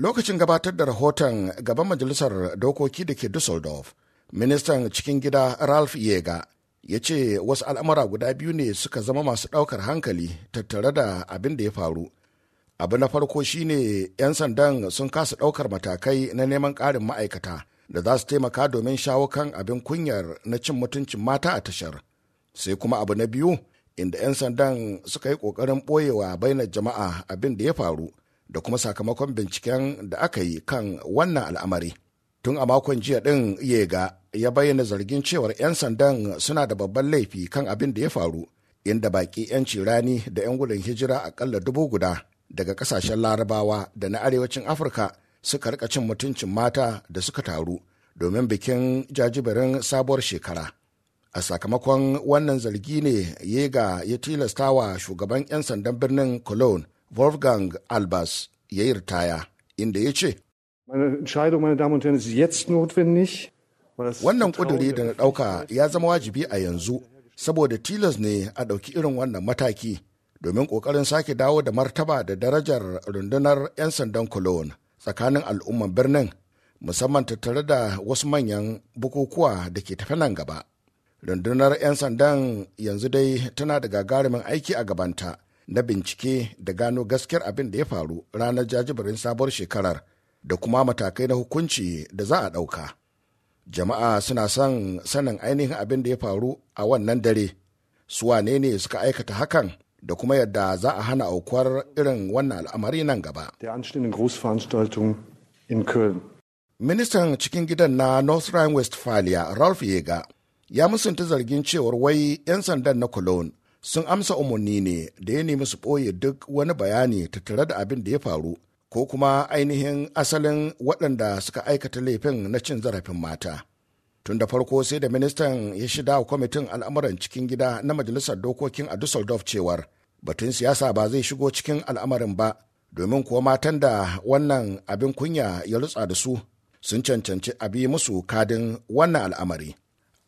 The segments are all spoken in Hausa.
Lokacin gabatar da rahoton gaban majalisar dokoki da ke Dusseldorf, ministan cikin gida Ralph Yega ya ce wasu al'amura guda biyu ne suka zama masu ɗaukar hankali tattare da abin da ya faru. Abu na farko shine 'yan sandan sun kasa ɗaukar matakai na neman ƙarin ma'aikata da za su taimaka domin shawo kan abin kunyar na cin mutuncin mata a tashar. Sai kuma abu na biyu inda 'yan sandan suka yi ƙoƙarin ɓoyewa bainar jama'a abin da ya faru da kuma sakamakon binciken da aka yi kan wannan al'amari. Tun a makon jiya ɗin Yega ya bayyana zargin cewar 'yan sandan suna da babban laifi kan abin da ya faru, inda baƙi 'yanci rani da 'yan gudun hijira aƙalla dubu guda daga ƙasashen larabawa da na arewacin Afirka suka rika cin mutuncin mata da suka taru domin bikin jajibirin sabuwar shekara. a sakamakon wannan zargi ne yega ya tilasta wa shugaban 'yan sandan birnin cologne Wolfgang Albers ya yi ritaya inda ya ce, Wannan ƙuduri da na ɗauka ya zama wajibi a yanzu saboda tilas ne a ɗauki irin wannan mataki domin ƙoƙarin sake dawo da martaba da darajar rundunar 'yan sandan Cologne tsakanin al'umman birnin musamman tattare da wasu manyan bukukuwa da ke tafe nan gaba. Rundunar 'yan sandan yanzu dai tana da gagarumin aiki a gabanta na bincike da gano gaskiyar abin da ya faru ranar jajibirin sabuwar shekarar da kuma matakai na hukunci da za a ɗauka. Jama'a suna son sanin ainihin abin da ya faru a wannan dare, su wane ne suka aikata hakan da kuma yadda za a hana aukuwar irin wannan al'amari nan gaba. Ministan cikin gidan na North Rhine-Westphalia, Ralph Yega, ya musunta zargin cewar wai 'yan sandan na Cologne sun amsa umarni ne da ya nemi su ɓoye duk wani bayani tattare da abin da ya faru ko kuma ainihin asalin waɗanda suka aikata laifin na cin zarafin mata. Tun da farko sai da ministan ya shida wa kwamitin al'amuran cikin gida na majalisar dokokin a Dusseldorf cewar batun siyasa ba zai shigo cikin al'amarin ba domin kuwa matan da wannan abin kunya ya rutsa da su sun cancanci a musu kadin wannan al'amari.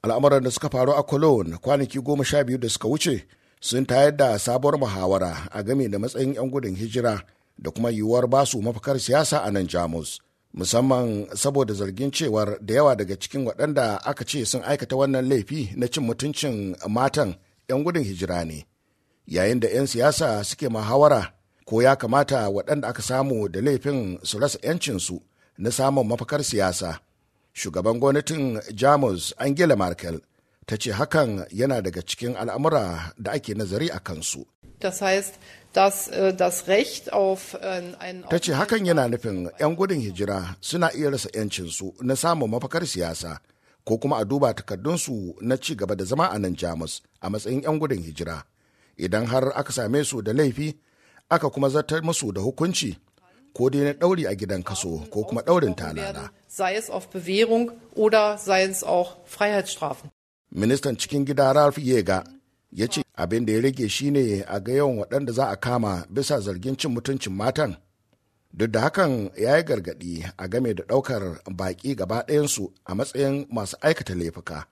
Al'amuran da suka faru a Cologne kwanaki goma sha biyu da suka wuce sun tayar da sabuwar muhawara a game da matsayin 'yan gudun hijira da kuma yiwuwar basu mafakar siyasa a nan jamus musamman saboda zargin cewar da yawa daga cikin waɗanda aka ce sun aikata wannan laifi na cin mutuncin matan 'yan gudun hijira ne yayin da 'yan siyasa suke muhawara ko ya kamata waɗanda aka samu da laifin su rasa 'yancinsu na samun mafakar siyasa shugaban gwamnatin jamus angela merkel ta ce hakan yana daga cikin al'amura da ake nazari a kansu. Äh, äh, ta ce hakan yana nufin 'yan gudun hijira suna iya rasa 'yancinsu na samun mafakar siyasa ko kuma a duba takardunsu na ci gaba da zama a nan Jamus a matsayin 'yan gudun hijira. Idan har aka same su da laifi, aka kuma zartar musu da hukunci ko dai na ɗauri a gidan kaso ko kuma ɗaurin talala. Sei es auf Bewährung oder es ministan cikin gida ralph yega ya ce abin da ya rage shine a ga yawan waɗanda za a kama bisa zargin cin mutuncin matan duk da hakan ya yi gargaɗi a game da ɗaukar baƙi gaba ɗayansu a matsayin masu aikata laifuka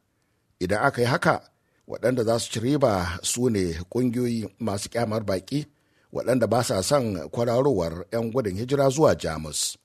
idan aka yi haka waɗanda za su ci riba su ne ƙungiyoyi masu ƙyamar baƙi waɗanda ba sa son kwararowar 'yan gudun hijira zuwa jamus.